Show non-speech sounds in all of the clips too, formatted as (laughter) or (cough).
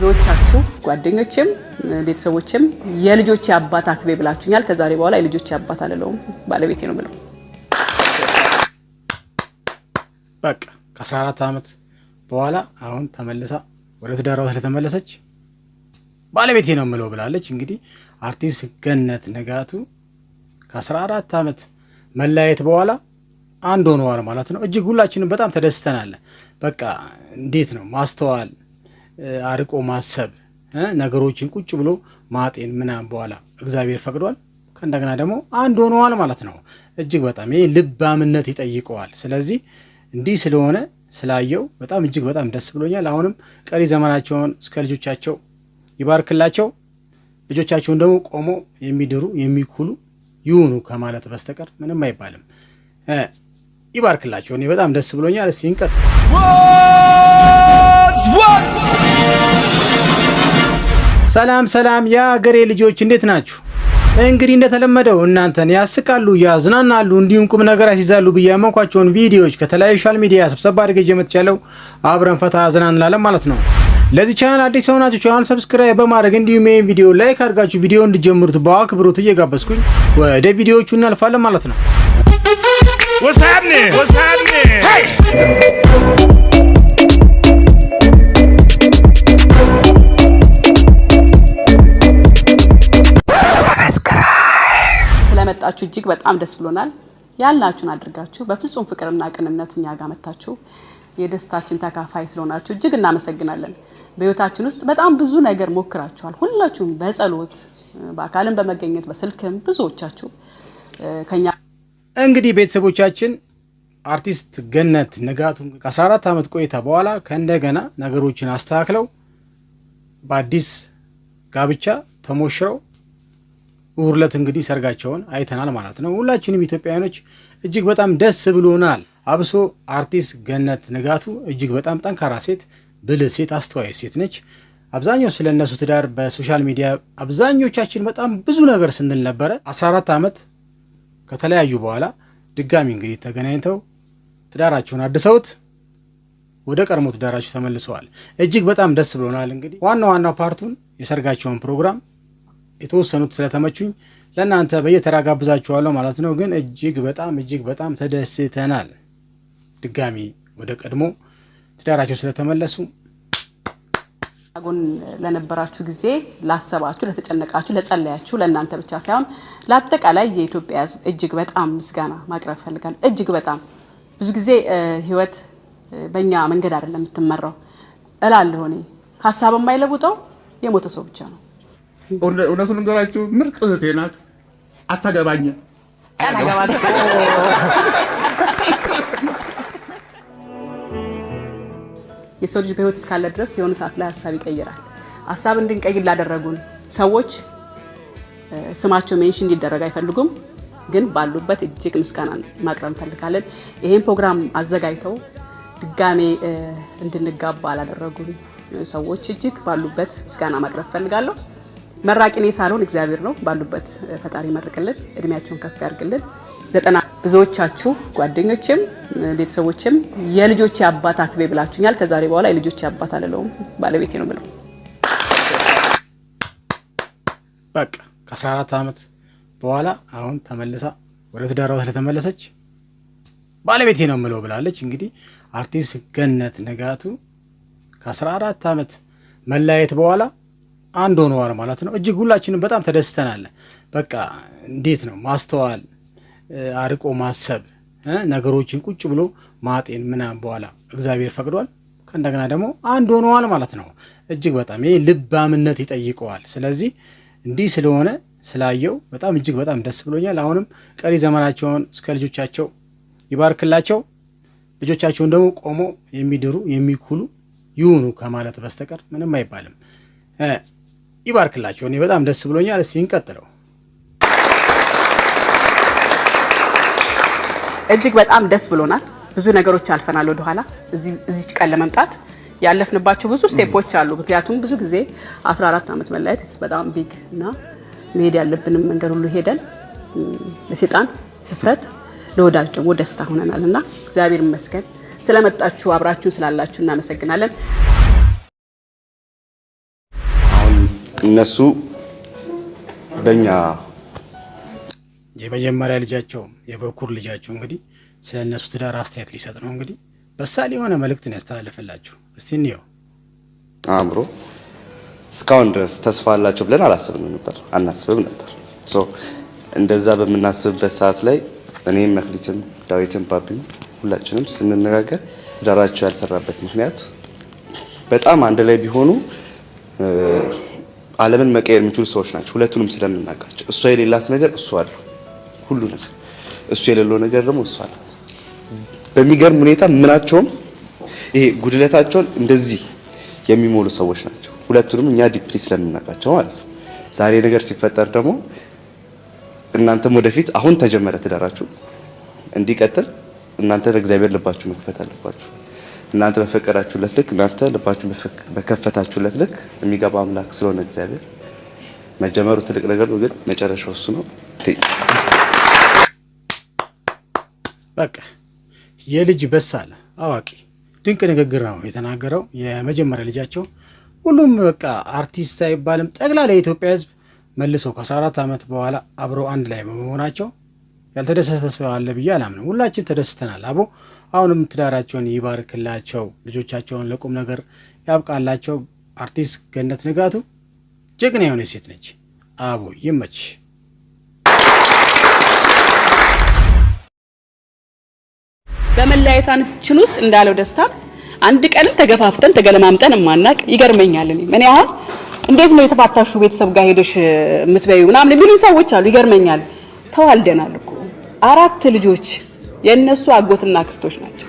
ብዙዎቻችሁ ጓደኞችም ቤተሰቦችም የልጆች አባት አክቤ ብላችሁኛል። ከዛሬ በኋላ የልጆች አባት አልለውም ባለቤቴ ነው ብለው በቃ ከ14 ዓመት በኋላ አሁን ተመልሳ ወደ ትዳሯ ስለተመለሰች ባለቤቴ ነው የምለው ብላለች። እንግዲህ አርቲስት ገነት ንጋቱ ከ14 ዓመት መለያየት በኋላ አንድ ሆነዋል ማለት ነው። እጅግ ሁላችንም በጣም ተደስተናል። በቃ እንዴት ነው ማስተዋል አርቆ ማሰብ ነገሮችን ቁጭ ብሎ ማጤን ምናምን በኋላ እግዚአብሔር ፈቅዷል ከእንደገና ደግሞ አንድ ሆነዋል ማለት ነው። እጅግ በጣም ይህ ልባምነት ይጠይቀዋል። ስለዚህ እንዲህ ስለሆነ ስላየው በጣም እጅግ በጣም ደስ ብሎኛል። አሁንም ቀሪ ዘመናቸውን እስከ ልጆቻቸው ይባርክላቸው። ልጆቻቸውን ደግሞ ቆሞ የሚድሩ የሚኩሉ ይሁኑ ከማለት በስተቀር ምንም አይባልም። ይባርክላቸው። እኔ በጣም ደስ ብሎኛል። እስቲ እንቀጥል። ሰላም ሰላም የአገሬ ልጆች እንዴት ናችሁ? እንግዲህ እንደተለመደው እናንተን ያስቃሉ፣ ያዝናናሉ እንዲሁም ቁም ነገር ያስይዛሉ ብዬ ያመንኳቸውን ቪዲዮዎች ከተለያዩ ሶሻል ሚዲያ ስብሰባ ጀመት መጥቻለሁ። አብረን ፈታ ዘና እንላለን ማለት ነው። ለዚህ ቻናል አዲስ የሆናችሁ ቻናል ሰብስክራይብ በማድረግ እንዲሁም ይህን ቪዲዮ ላይክ አድርጋችሁ ቪዲዮ እንዲጀምሩት በአክብሮት እየጋበዝኩኝ ወደ ቪዲዮዎቹ እናልፋለን ማለት ነው። ስለመጣችሁ እጅግ በጣም ደስ ብሎናል። ያላችሁን አድርጋችሁ በፍጹም ፍቅርና ቅንነት እኛ ጋር መታችሁ የደስታችን ተካፋይ ስለሆናችሁ እጅግ እናመሰግናለን። በህይወታችን ውስጥ በጣም ብዙ ነገር ሞክራችኋል። ሁላችሁም በጸሎት በአካልም በመገኘት በስልክም ብዙዎቻችሁ ከኛ እንግዲህ ቤተሰቦቻችን አርቲስት ገነት ንጋቱ ከ14 ዓመት ቆይታ በኋላ ከእንደገና ነገሮችን አስተካክለው በአዲስ ጋብቻ ተሞሽረው ውርለት እንግዲህ ሰርጋቸውን አይተናል ማለት ነው። ሁላችንም ኢትዮጵያውያኖች እጅግ በጣም ደስ ብሎናል። አብሶ አርቲስት ገነት ንጋቱ እጅግ በጣም ጠንካራ ሴት፣ ብልህ ሴት፣ አስተዋይ ሴት ነች። አብዛኛው ስለ እነሱ ትዳር በሶሻል ሚዲያ አብዛኞቻችን በጣም ብዙ ነገር ስንል ነበረ። 14 ዓመት ከተለያዩ በኋላ ድጋሚ እንግዲህ ተገናኝተው ትዳራቸውን አድሰውት ወደ ቀድሞ ትዳራቸው ተመልሰዋል። እጅግ በጣም ደስ ብሎናል። እንግዲህ ዋና ዋና ፓርቱን የሰርጋቸውን ፕሮግራም የተወሰኑት ስለተመቹኝ ለእናንተ በየተራ ጋብዛችኋለሁ ማለት ነው። ግን እጅግ በጣም እጅግ በጣም ተደስተናል። ድጋሚ ወደ ቀድሞ ትዳራቸው ስለተመለሱ ጎን ለነበራችሁ ጊዜ ላሰባችሁ፣ ለተጨነቃችሁ፣ ለጸለያችሁ ለእናንተ ብቻ ሳይሆን ለአጠቃላይ የኢትዮጵያ ሕዝብ እጅግ በጣም ምስጋና ማቅረብ ፈልጋል። እጅግ በጣም ብዙ ጊዜ ህይወት በእኛ መንገድ አይደለም የምትመራው እላለሁ እኔ ሀሳብ የማይለውጠው የሞተ ሰው ብቻ ነው። እውነቱን ልንገራችሁ፣ ምርጥ እህቴ ናት። አታገባኝም። የሰው ልጅ በህይወት እስካለ ድረስ የሆነ ሰዓት ላይ ሀሳብ ይቀይራል። ሀሳብ እንድንቀይር ላደረጉን ሰዎች ስማቸው ሜንሽን እንዲደረግ አይፈልጉም፣ ግን ባሉበት እጅግ ምስጋና ማቅረብ እንፈልጋለን። ይህን ፕሮግራም አዘጋጅተው ድጋሜ እንድንጋባ ላደረጉን ሰዎች እጅግ ባሉበት ምስጋና ማቅረብ እፈልጋለሁ። መራቂ እኔ ሳልሆን እግዚአብሔር ነው። ባሉበት ፈጣሪ መርቅልን፣ እድሜያችሁን ከፍ ያርግልን። ዘጠና ብዙዎቻችሁ ጓደኞችም ቤተሰቦችም የልጆች አባት አትቤ ብላችሁኛል። ከዛሬ በኋላ የልጆች አባት አልለውም ባለቤቴ ነው ብለው በቃ ከ14 ዓመት በኋላ አሁን ተመልሳ ወደ ትዳሯ ስለተመለሰች ባለቤቴ ነው ምለው ብላለች። እንግዲህ አርቲስት ገነት ንጋቱ ከ14 ዓመት መለያየት በኋላ አንድ ሆነዋል ማለት ነው። እጅግ ሁላችንም በጣም ተደስተናል። በቃ እንዴት ነው ማስተዋል፣ አርቆ ማሰብ፣ ነገሮችን ቁጭ ብሎ ማጤን ምናምን በኋላ እግዚአብሔር ፈቅዷል። ከእንደገና ደግሞ አንድ ሆነዋል ማለት ነው። እጅግ በጣም ይህ ልባምነት ይጠይቀዋል። ስለዚህ እንዲህ ስለሆነ ስላየው በጣም እጅግ በጣም ደስ ብሎኛል። አሁንም ቀሪ ዘመናቸውን እስከ ልጆቻቸው ይባርክላቸው። ልጆቻቸውን ደግሞ ቆሞ የሚድሩ የሚኩሉ ይሁኑ ከማለት በስተቀር ምንም አይባልም። ይባርክላቸው። እኔ በጣም ደስ ብሎኛል። እስቲ እንቀጥለው። እጅግ በጣም ደስ ብሎናል። ብዙ ነገሮች አልፈናል። ወደኋላ እዚች ቀን ለመምጣት ያለፍንባቸው ብዙ ስቴፖች አሉ። ምክንያቱም ብዙ ጊዜ 14 ዓመት መለያየት በጣም ቢግ እና መሄድ ያለብንም መንገድ ሁሉ ሄደን ለሴጣን ህፍረት፣ ለወዳጅ ደግሞ ደስታ ሆነናል እና እግዚአብሔር ይመስገን ስለመጣችሁ አብራችሁን ስላላችሁ እናመሰግናለን። እነሱ በእኛ የመጀመሪያ ልጃቸው የበኩር ልጃቸው እንግዲህ ስለ እነሱ ትዳር አስተያየት ሊሰጥ ነው። እንግዲህ በሳል የሆነ መልእክትን ያስተላለፈላቸው እስቲ እንየው። አእምሮ እስካሁን ድረስ ተስፋ አላቸው ብለን አላስብም ነበር አናስብም ነበር። እንደዛ በምናስብበት ሰዓት ላይ እኔም መክሊትም ዳዊትም ባቢም ሁላችንም ስንነጋገር ትዳራቸው ያልሰራበት ምክንያት በጣም አንድ ላይ ቢሆኑ ዓለምን መቀየር የሚችሉ ሰዎች ናቸው። ሁለቱንም ስለምናውቃቸው እሷ የሌላት ነገር እሱ አለ ሁሉ ነገር፣ እሱ የሌለው ነገር ደግሞ እሱ አለ። በሚገርም ሁኔታ ምናቸውም ይሄ ጉድለታቸውን እንደዚህ የሚሞሉ ሰዎች ናቸው። ሁለቱንም እኛ ዲፕሊ ስለምናውቃቸው ማለት ነው። ዛሬ ነገር ሲፈጠር ደግሞ እናንተም ወደፊት አሁን ተጀመረ ትዳራችሁ እንዲቀጥል እናንተ ለእግዚአብሔር ልባችሁ መክፈት አለባችሁ። እናንተ በፈቀዳችሁለት ልክ እናንተ ልባችሁን በከፈታችሁለት ልክ የሚገባ አምላክ ስለሆነ እግዚአብሔር መጀመሩ ትልቅ ነገር ነው፣ ግን መጨረሻው እሱ ነው። በቃ የልጅ በሳለ አዋቂ ድንቅ ንግግር ነው የተናገረው። የመጀመሪያ ልጃቸው ሁሉም በቃ አርቲስት አይባልም ጠቅላላ የኢትዮጵያ ሕዝብ መልሶ ከ14 ዓመት በኋላ አብረው አንድ ላይ በመሆናቸው ያልተደሰተ ሰው አለ ብዬ አላምንም። ሁላችን ተደስተናል አቦ አሁንም ትዳራቸውን ይባርክላቸው፣ ልጆቻቸውን ለቁም ነገር ያብቃላቸው። አርቲስት ገነት ንጋቱ ጀግና የሆነች ሴት ነች። አቦ ይመች። በመለያየታችን ውስጥ እንዳለው ደስታ አንድ ቀንም ተገፋፍተን ተገለማምጠን የማናቅ ይገርመኛል። እኔ ምን ያህል እንዴት ነው የተፋታሹ ቤተሰብ ጋር ሄደሽ የምትበዩ ምናምን የሚሉኝ ሰዎች አሉ። ይገርመኛል። ተዋልደናል እኮ አራት ልጆች የእነሱ አጎትና ክስቶች ናቸው።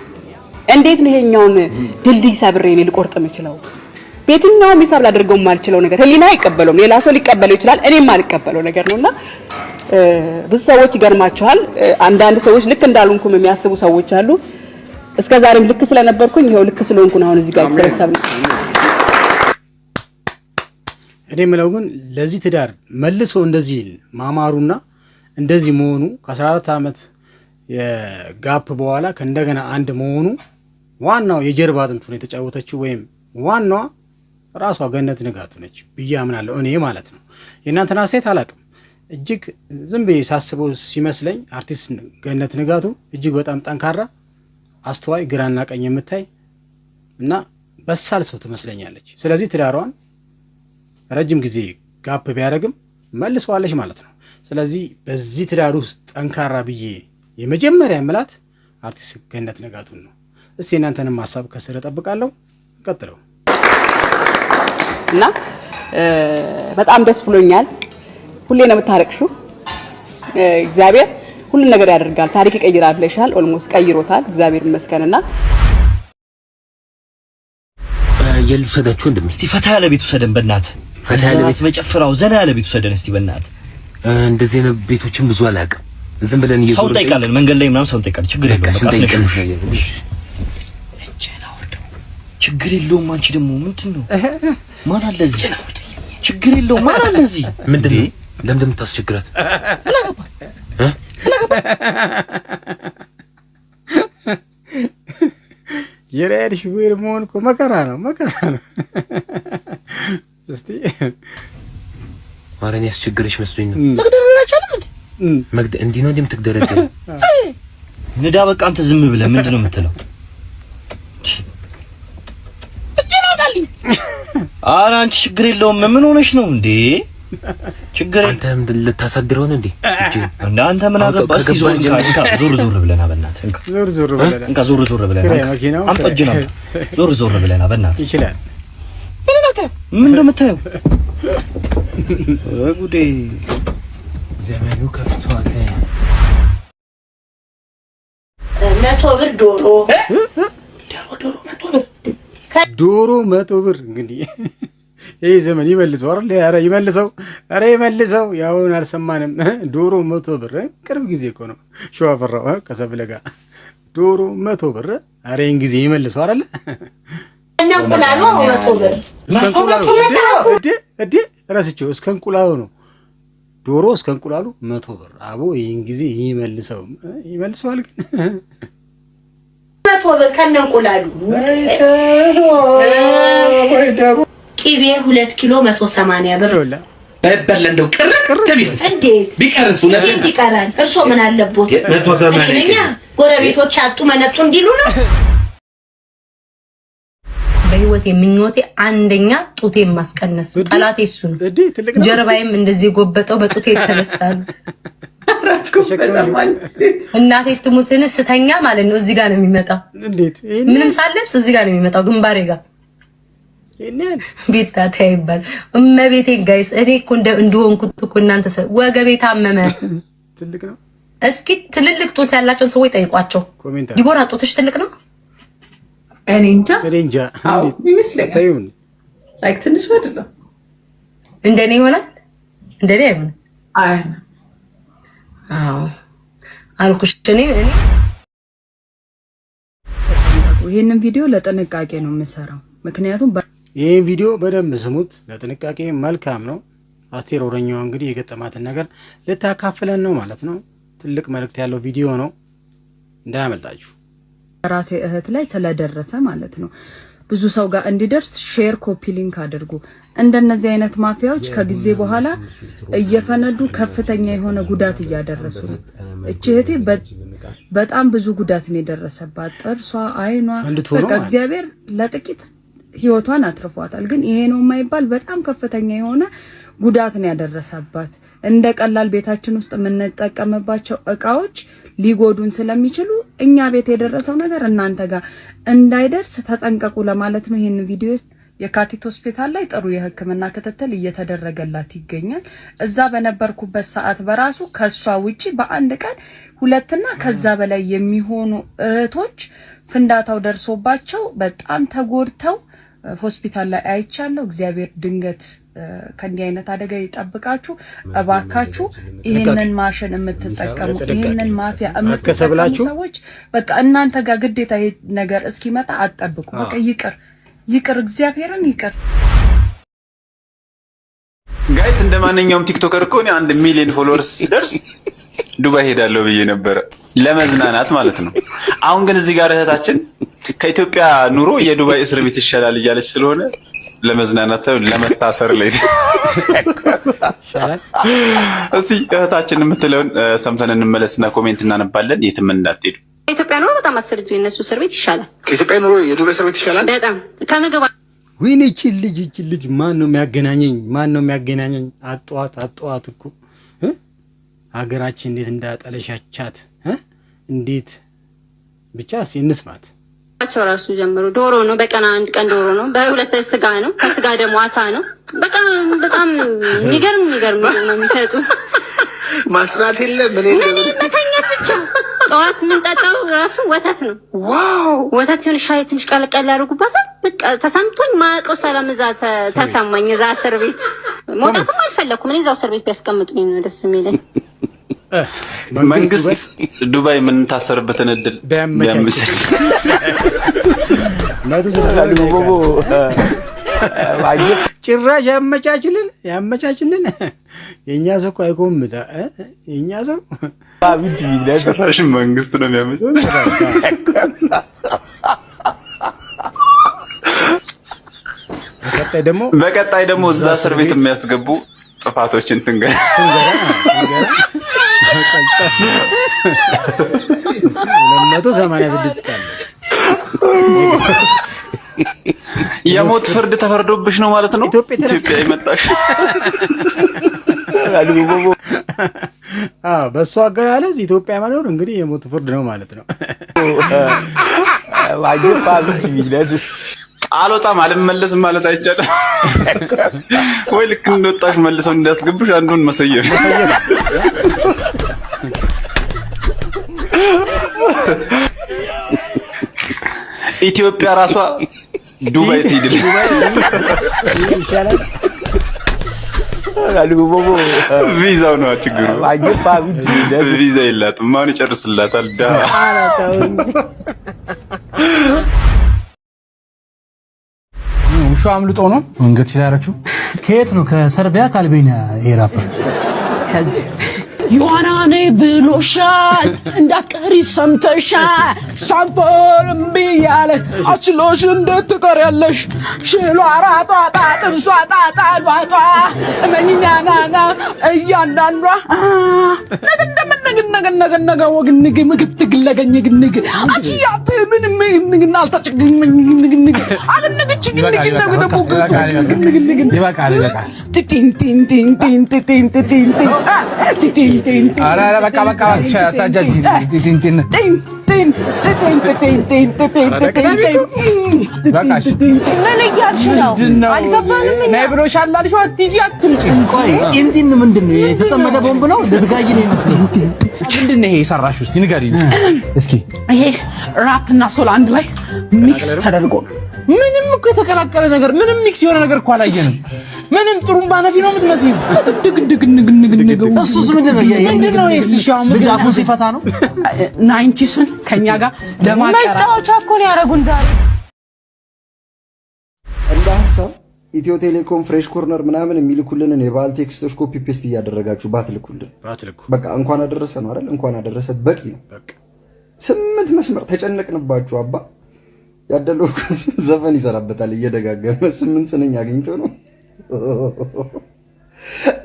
እንዴት ነው ይሄኛውን ድልድይ ሰብሬ እኔ ልቆርጥ የምችለው? በየትኛውም ሂሳብ ላደርገው የማልችለው ነገር ህሊና አይቀበለውም። ሌላ ሰው ሊቀበለው ይችላል፣ እኔም አልቀበለው ነገር ነውና ብዙ ሰዎች ይገርማቸዋል። አንዳንድ ሰዎች ልክ እንዳልሆንኩም የሚያስቡ ሰዎች አሉ። እስከ ዛሬም ልክ ስለነበርኩኝ ይኸው ልክ ስለሆንኩን አሁን እዚህ ጋር ነው። እኔ የምለው ግን ለዚህ ትዳር መልሶ እንደዚህ ማማሩና እንደዚህ መሆኑ ከ14 ዓመት የጋፕ በኋላ ከእንደገና አንድ መሆኑ ዋናው የጀርባ ሆነ የተጫወተችው ወይም ዋናዋ ራሷ ገነት ንጋቱ ነች ብዬ አምናለሁ እኔ ማለት ነው። የእናንተን ሴት አላቅም። እጅግ ዝም ብዬ ሳስበው ሲመስለኝ አርቲስት ገነት ንጋቱ እጅግ በጣም ጠንካራ፣ አስተዋይ፣ ግራና ቀኝ የምታይ እና በሳል ሰው ትመስለኛለች። ስለዚህ ትዳሯን ረጅም ጊዜ ጋፕ ቢያደርግም መልሰዋለች ማለት ነው። ስለዚህ በዚህ ትዳር ውስጥ ጠንካራ ብዬ የመጀመሪያ ምላት አርቲስት ገነት ንጋቱን ነው። እስቲ እናንተንም ሀሳብ ከስር እጠብቃለሁ። ቀጥለው እና በጣም ደስ ብሎኛል። ሁሌ ነው የምታረቅሹ። እግዚአብሔር ሁሉን ነገር ያደርጋል። ታሪክ ይቀይራል ብለሻል። ኦልሞስት ቀይሮታል። እግዚአብሔር ይመስገንና የልጅ ሰዳችሁ ወንድም እስቲ ፈታ ያለ ቤት ውሰደን፣ በእናት ፈታ ያለ ቤት መጨፈራው ዘና ያለ ቤት ውሰደን እስቲ በእናት እንደዚህ ነው ቤቶችን ብዙ አላውቅም ዝም ብለን ሰው እንጠይቃለን። መንገድ ላይ ምናምን ሰው እንጠይቃለን። ችግር የለውም ችግር የለውም። አንቺ ደግሞ ምንድን ነው? ማን አለ እዚህ? ችግር የለውም። ማን አለ እዚህ? ምንድን ነው? ለምን እንደምታስቸግራት የራድ ሽዌር መሆን እኮ መከራ ነው፣ መከራ ነው። እስቲ ማረን ያስቸግረሽ መስሎኝ ነው መግደ እንዲህ ነው እንደምትግደረገ ንዳ። በቃ አንተ ዝም ብለህ ምንድን ነው የምትለው? ኧረ አንቺ ችግር የለውም። ምን ሆነሽ ነው እንዴ? ችግር አንተ ምን ልታሳድረው ነው እንዴ? እንደ አንተ ምን አገባህ? እስኪ ዞር ዞር ዞር ብለና በእናትህ እንካ፣ ዞር ዞር ብለና እንካ፣ ዞር ዞር ብለና አምጣ፣ እጅን አምጣ፣ ዞር ዞር ብለና በእናትህ ይችላል። ምን ነው የምታየው? ጉዴ ዘመኑ ከፍቷል። መቶ ብር ዶሮ ዶሮ መቶ ብር እንግዲህ (laughs) ይህ ዘመን ይመልሰው አይደል? ኧረ ይመልሰው፣ ኧረ ይመልሰው። ያውን አልሰማንም። (laughs) ዶሮ መቶ ብር ቅርብ ጊዜ እኮ ነው ሸዋ ፈራው ከሰብለ ጋር ዶሮ መቶ ብር። ኧረ ይህን ጊዜ ይመልሰው አይደል? እስከ እንቁላሉ ነው ዶሮ እስከ እንቁላሉ መቶ ብር አቦ ይህን ጊዜ ይመልሰው ይመልሰዋል። ግን መቶ ብር ከነ እንቁላሉ ቅቤ ሁለት ኪሎ መቶ ሰማንያ ብር በበል እንደው ቅር እንዴት ቢቀርስ ይቀራል። እርሶ ምን አለቦት? ጎረቤቶች አጡ መነጡ እንዲሉ ነው። በህይወቴ ምኞቴ አንደኛ ጡቴ ማስቀነስ፣ ጠላቴ እሱ ነው። ጀርባዬም እንደዚህ ጎበጠው በጡቴ የተነሳሉ እናቴ ትሙትን ስተኛ ማለት ነው። እዚህ ጋር ነው የሚመጣው። ምንም ሳለብስ እዚህ ጋር ነው የሚመጣው ግንባሬ ጋር ቤታ ይባል እመቤቴ ጋይስ፣ እኔ እኮ እንደሆንኩት እኮ እናንተ ወገቤ ታመመ። እስኪ ትልልቅ ጡት ያላቸውን ሰዎች ጠይቋቸው። ዲቦራ ጡትሽ ትልቅ ነው እኔ እንጃ እኔ እንጃ ይመስለኛል። ትንሽ አይደለም እንደኔ ይሆናል። እንደኔ አይሆንም። አይ አዎ አልኩሽ። እኔ እኔ ይሄንን ቪዲዮ ለጥንቃቄ ነው የምሰራው፣ ምክንያቱም ይሄን ቪዲዮ በደንብ ስሙት። ለጥንቃቄ መልካም ነው። አስቴር ወረኛዋ እንግዲህ የገጠማትን ነገር ልታካፍለን ነው ማለት ነው። ትልቅ መልእክት ያለው ቪዲዮ ነው፣ እንዳያመልጣችሁ። ራሴ እህት ላይ ስለደረሰ ማለት ነው ብዙ ሰው ጋር እንዲደርስ ሼር ኮፒ ሊንክ አድርጉ። እንደነዚህ አይነት ማፊያዎች ከጊዜ በኋላ እየፈነዱ ከፍተኛ የሆነ ጉዳት እያደረሱ ነው። እቺ እህቴ በጣም ብዙ ጉዳት ነው የደረሰባት። ጥርሷ፣ አይኗ በቃ እግዚአብሔር ለጥቂት ህይወቷን አትርፏታል። ግን ይሄ ነው የማይባል በጣም ከፍተኛ የሆነ ጉዳት ነው ያደረሰባት። እንደ ቀላል ቤታችን ውስጥ የምንጠቀምባቸው እቃዎች ሊጎዱን ስለሚችሉ እኛ ቤት የደረሰው ነገር እናንተ ጋር እንዳይደርስ ተጠንቀቁ ለማለት ነው። ይህን ቪዲዮ የካቲት ሆስፒታል ላይ ጥሩ የሕክምና ክትትል እየተደረገላት ይገኛል። እዛ በነበርኩበት ሰዓት በራሱ ከሷ ውጪ በአንድ ቀን ሁለትና ከዛ በላይ የሚሆኑ እህቶች ፍንዳታው ደርሶባቸው በጣም ተጎድተው ሆስፒታል ላይ አይቻለሁ። እግዚአብሔር ድንገት ከእንዲህ አይነት አደጋ ይጠብቃችሁ። እባካችሁ ይህንን ማሽን የምትጠቀሙ ይህንን ማፊያ የምትጠቀሙ ሰዎች በቃ እናንተ ጋር ግዴታ ነገር እስኪመጣ አጠብቁ። በቃ ይቅር ይቅር፣ እግዚአብሔርን ይቅር። ጋይስ እንደ ማንኛውም ቲክቶከር እኮ እኔ አንድ ሚሊዮን ፎሎወርስ ሲደርስ ዱባይ ሄዳለሁ ብዬ ነበረ። ለመዝናናት ማለት ነው። አሁን ግን እዚህ ጋር እህታችን ከኢትዮጵያ ኑሮ የዱባይ እስር ቤት ይሻላል እያለች ስለሆነ ለመዝናናት ለመታሰር ላይ እስቲ እህታችን የምትለውን ሰምተን እንመለስና ኮሜንት እናነባለን። የትም እንዳትሄዱ። ከኢትዮጵያ ኑሮ በጣም አሰሪቱ የነሱ እስር ቤት ይሻላል። ከኢትዮጵያ ኑሮ የዱባይ እስር ቤት ይሻላል በጣም ከምግብ ወይኔ ይህችን ልጅ ይህችን ልጅ ማን ነው የሚያገናኘኝ? ማን ነው የሚያገናኘኝ? አጠዋት አጠዋት እኮ ሀገራችን እንዴት እንዳጠለሻቻት እንዴት ብቻ እንስማት። ቸው ራሱ ጀምሮ ዶሮ ነው፣ በቀን አንድ ቀን ዶሮ ነው፣ በሁለት ስጋ ነው፣ ከስጋ ደግሞ አሳ ነው። በጣም በጣም የሚገርም የሚገርም ነው የሚሰጡ ማስራት የለም እኔ መተኛት ብቻ። ጠዋት የምንጠጣው ራሱ ወተት ነው። ዋው ወተት ሲሆን ሻይ ትንሽ ቀለቀል ያደርጉበታል። በቃ ተሰምቶኝ ማቀው ሰላም እዛ ተሰማኝ። እዛ እስር ቤት መውጣትም አልፈለኩም። እኔ እዛው እስር ቤት ቢያስቀምጡኝ ነው ደስ የሚለኝ። መንግስት ዱባይ የምንታሰርበትን እድል ቢያመቻች ጭራሽ ያመቻችልን ያመቻችልን። የእኛ ሰው እኮ አይቆምም። የእኛ ሰው ጭራሽ መንግስት ነው የሚያመቻች። በቀጣይ ደግሞ እዛ እስር ቤት የሚያስገቡ ጥፋቶችን ትንገ (laughs) የሞት ፍርድ ተፈርዶብሽ ነው ማለት ነው። ኢትዮጵያ የመጣሽ (laughs) በእሱ አገላለጽ ኢትዮጵያ መኖር እንግዲህ የሞት ፍርድ ነው ማለት ነው። (laughs) አልወጣም አልመለስም ማለት አይቻልም ወይ? ልክ እንደወጣሽ መልሰው እንዲያስገብሽ አንዱን መሰየፍ ኢትዮጵያ ራሷ ዱባይ ትሄድል ይሻላል። ቪዛው ነው ችግሩ። ቪዛ የላትም። ማን ይጨርስላታል? ውሻ አምልጦ ነው መንገድ ሲላያረችው። ከየት ነው? ከሰርቢያ ከአልቤኒያ ይሄ ከዚህ ዮሐናኔ ብሎሻል እንዳትቀሪ ሰምተሻል። ሳንፎን እምቢ እያለ አችሎሽ እንዴት ትቀሪያለሽ? ሽሎ አራቷ ጣጥብሷ ጣጣ አልባቷ እመኝኛ እያንዳንዷ ነገ እንደምን ነገ ነገ ነገ ወግንግ ግንግ በቃ በቃ በቃ ምን እያልሽ ነው? አልገባንም። ነይ የተጠመደ ቦምብ ነው? ልትጋይ ነው ይመስለኝ። ምንድን ነው ይሄ የሰራሽው? እስኪ ንገሪኝ እስኪ። ይሄ ራፕ እና ሶል አንድ ላይ ሚክስ ተደርጎ ምንም እኮ የተቀላቀለ ነገር ምንም ሚክስ የሆነ ነገር እኮ አላየንም። ምንም ጥሩምባ ነፊ ነው የምትመስይው። ድግ ድግ ንግ ንግ ንግ እሱስ ምንድን ነው? ምንድን ነው? እሺ ሻው ልጅ አፉን ሲፈታ ነው። ናይንቲስን ከኛ ጋር መጫወቻ እኮ ነው ያደረጉን ዛሬ። እንደ ኢትዮ ቴሌኮም ፍሬሽ ኮርነር ምናምን የሚልኩልንን የባህል ቴክስቶች ኮፒ ፔስት እያደረጋችሁ ባትልኩልን፣ በቃ እንኳን አደረሰ ነው አይደል? እንኳን አደረሰ በቂ ነው። ስምንት መስመር ተጨነቅንባችሁ አባ ያደለው ዘፈን ይሰራበታል እየደጋገመ ስምንት ስንኝ አግኝቶ ነው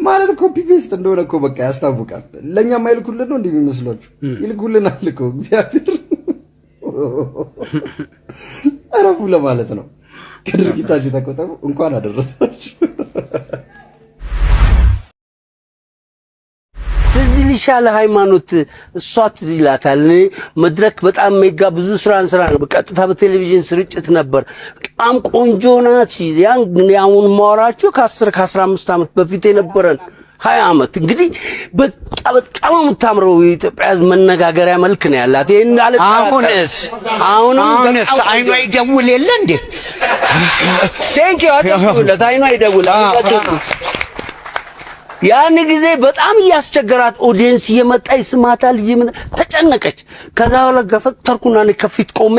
ማለት ኮፒ ፔስት እንደሆነ እኮ በቃ ያስታውቃል። ለእኛ ማይልኩልን ነው እንዲህ የሚመስሏችሁ ይልኩልናል እኮ እግዚአብሔር እረፉ ለማለት ነው። ከድርጊታችሁ ተቆጠቡ። እንኳን አደረሰ የተሻለ ሃይማኖት እሷት ይላታል። እኔ መድረክ በጣም ሜጋ ብዙ ስራን ስራ ነው። በቀጥታ በቴሌቪዥን ስርጭት ነበር። በጣም ቆንጆ ናት። ያን ያሁን ማወራችሁ ከአስር ከአስራ አምስት ዓመት በፊት የነበረን ሀያ ዓመት እንግዲህ በቃ በጣም የምታምረው የኢትዮጵያ መነጋገሪያ መልክ ነው ያላት። ይህን አለ አሁንስ አሁንስ አይኗ ይደውል የለ እንዴ? ንኪ ዩ አቶ ይደውል ያን ጊዜ በጣም እያስቸገራት ኦዲየንስ እየመጣ ይስማታል። ተጨነቀች። ከዛ በኋላ ገፈት ተርኩና ከፊት ቆሜ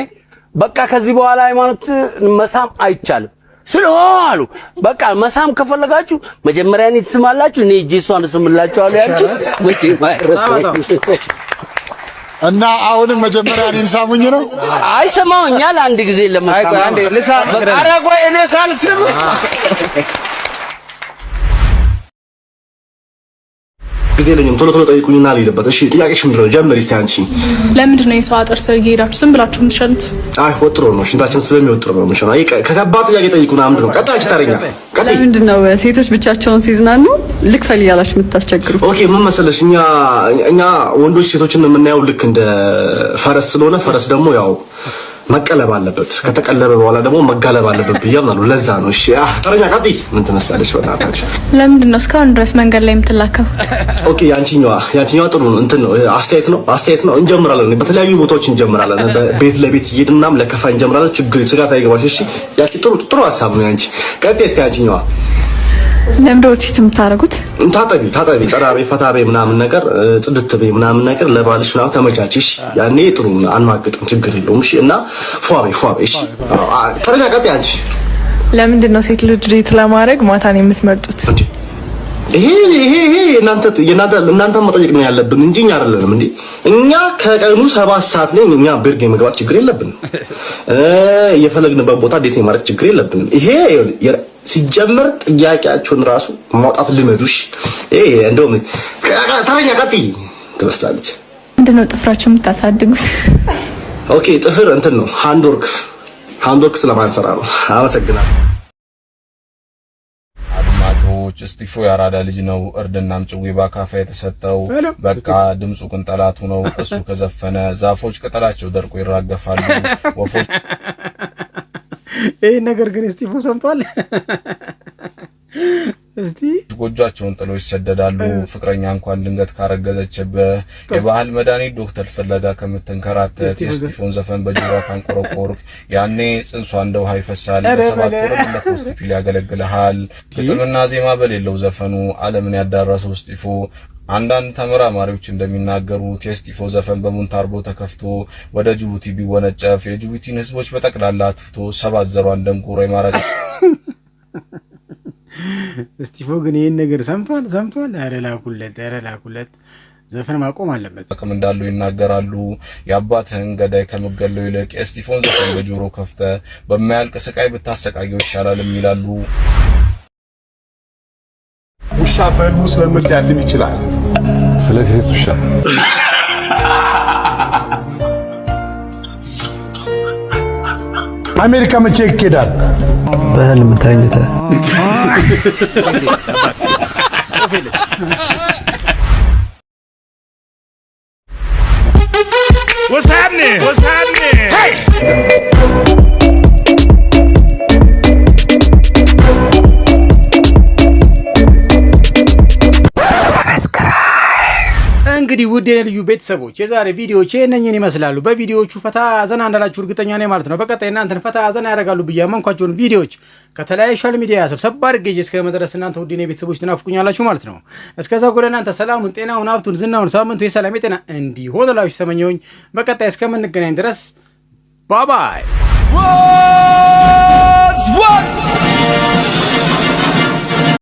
በቃ ከዚህ በኋላ ሃይማኖት መሳም አይቻልም ስለሆነ አሉ በቃ መሳም ከፈለጋችሁ መጀመሪያ እኔ ትስማላችሁ፣ እኔ እጄ እሷን እስምላችኋለሁ ያልኩት ወጪ አይረሳኝም። እና አሁንም መጀመሪያ እኔን ሳሙኝ ነው። አይ ሰማውኛል። አንድ ጊዜ ለመሳም አይ አንዴ ልሳም አረጋው እኔ ሳልስም ጊዜ የለኝም። ቶሎ ቶሎ ጠይቁኝና ልሄድበት። እሺ ጥያቄሽ ምንድን ነው? ጀምሪ እስኪ አንቺ። ለምንድን ነው የሰው አጥር ስር እየሄዳችሁ ዝም ብላችሁ የምትሸኑት? አይ ወጥሮ ነው ሽንታችን ስለሚወጥር ነው ምንሽ። አይ ከከባድ ጥያቄ ጠይቁና ምንድን ነው ቀጣይ ታሪኛ። ቀጣይ ምንድን ነው ሴቶች ብቻቸውን ሲዝናኑ ልክፈል እያላችሁ የምታስቸግሩት? ኦኬ ምን መሰለሽ፣ እኛ እኛ ወንዶች ሴቶችን የምናየው ልክ እንደ ፈረስ ስለሆነ ፈረስ ደግሞ ያው መቀለብ አለበት። ከተቀለበ በኋላ ደግሞ መጋለብ አለበት ብዬ አምናለሁ። ለዛ ነው። እሺ፣ አህ ተረኛ ቀጥ ምን ትመስላለች? በእናታችሁ ለምንድን ነው እስካሁን ድረስ መንገድ ላይ የምትላከፉ? ኦኬ፣ ያንቺኛዋ ያንቺኛዋ ጥሩ ነው። እንትን ነው አስተያየት ነው አስተያየት ነው። እንጀምራለን፣ በተለያዩ ቦታዎች እንጀምራለን። ቤት ለቤት እየሄድን ምናምን ለከፋ እንጀምራለን። ችግር ስጋት አይገባሽ። እሺ፣ ያቺ ጥሩ ጥሩ ሀሳብ ነው። ያንቺ ቀጥ እስኪ ያንቺኛዋ ለምዶ የምታደርጉት የምታረጉት ታጠቢ ታጠቢ ጸዳቤ ፈታቤ ምናምን ነገር ጽድት ቤ ምናምን ነገር ለባልሽ ምናምን ተመቻችሽ። ያኔ ጥሩ አንማግጥም ችግር የለውም። እሺ እና ፏቤ ፏቤ እሺ ተረጋጋጥ። አንቺ ለምንድን ነው ሴት ልጅ ዴት ለማድረግ ማታን የምትመርጡት? ይሄ ይሄ ይሄ እናንተ እናንተ እናንተ መጠየቅ ነው ያለብን እንጂ እኛ አይደለንም እንዴ። እኛ ከቀኑ ሰባት ሰዓት ላይ እኛ ብርግ የመግባት ችግር የለብንም። እየፈለግንበት ቦታ ዴት የማድረግ ችግር የለብንም። ይሄ ሲጀመር ጥያቄያቸውን ራሱ ማውጣት ልመዱሽ። ይሄ እንደውም ተረኛ ቀጥይ ትመስላለች። ምንድን ነው ጥፍራችሁ የምታሳድጉት? ኦኬ ጥፍር እንትን ነው ሃንድወርክ ወርክ ስለማንሰራ ነው። አመሰግናለሁ። ሰዎች እስጢፎ የአራዳ ልጅ ነው። እርድናም ጭዌ በአካፋ የተሰጠው በቃ ድምፁ ግን ነው። እሱ ከዘፈነ ዛፎች ቅጠላቸው ደርቆ ይራገፋሉ። ወፎች ይህ ነገር ግን ስቲፎ ሰምቷል። እስቲ ጎጇቸውን ጥለው ይሰደዳሉ። ፍቅረኛ እንኳን ድንገት ካረገዘችብህ የባህል መድኃኒት ዶክተር ፍለጋ ከምትንከራተት የስቲፎን ዘፈን በጆሮ ካንቆረቆርክ ያኔ ጽንሷ እንደ ውሃ ይፈሳል። ለሰባት ወር ለሆስፒታል ያገለግልሃል። ግጥምና ዜማ በሌለው ዘፈኑ ዓለምን ያዳረሰው ስቲፎ አንዳንድ ተመራማሪዎች እንደሚናገሩት የእስጢፎ ዘፈን በሙንታርቦ ተከፍቶ ወደ ጅቡቲ ቢወነጨፍ የጅቡቲን ህዝቦች በጠቅላላ አትፍቶ ሰባት ዘሯን ደንቆሮ የማረግ እስጢፎ (laughs) ግን ይህን ነገር ሰምቷል ሰምቷል። ኧረ ላኩለት፣ ኧረ ላኩለት። ዘፈን ማቆም አለበት። ጥቅም እንዳሉ ይናገራሉ። የአባትህን ገዳይ ከመገለው ይልቅ የእስጢፎን ዘፈን በጆሮ ከፍተ በማያልቅ ስቃይ ብታሰቃየው ይሻላልም ይላሉ። ውሻ በልቡ ስለመጋደም ይችላል። Plaket uçak. አሜሪካ መቼ ይኬዳል? በህልም ተኝተህ What's happening? What's happening? Hey! እንግዲህ ውድ የልዩ ልዩ ቤተሰቦች የዛሬ ቪዲዮዎች እነኝን ይመስላሉ። በቪዲዮዎቹ ፈታ ዘና እንዳላችሁ እርግጠኛ ነኝ ማለት ነው። በቀጣይ እናንተን ፈታ ዘና ያደርጋሉ ብዬ ያመንኳቸውን ቪዲዮዎች ከተለያዩ ሶሻል ሚዲያ ሰብሰብ አድርጌ እስከ መድረስ እናንተ ውድ የኔ ቤተሰቦች ትናፍቁኛላችሁ ማለት ነው። እስከዛ ጎደ እናንተ ሰላሙን፣ ጤናውን፣ ሀብቱን፣ ዝናውን ሳምንቱ የሰላም የጤና እንዲሆን ተመኘሁኝ። በቀጣይ እስከምንገናኝ ድረስ ባባይ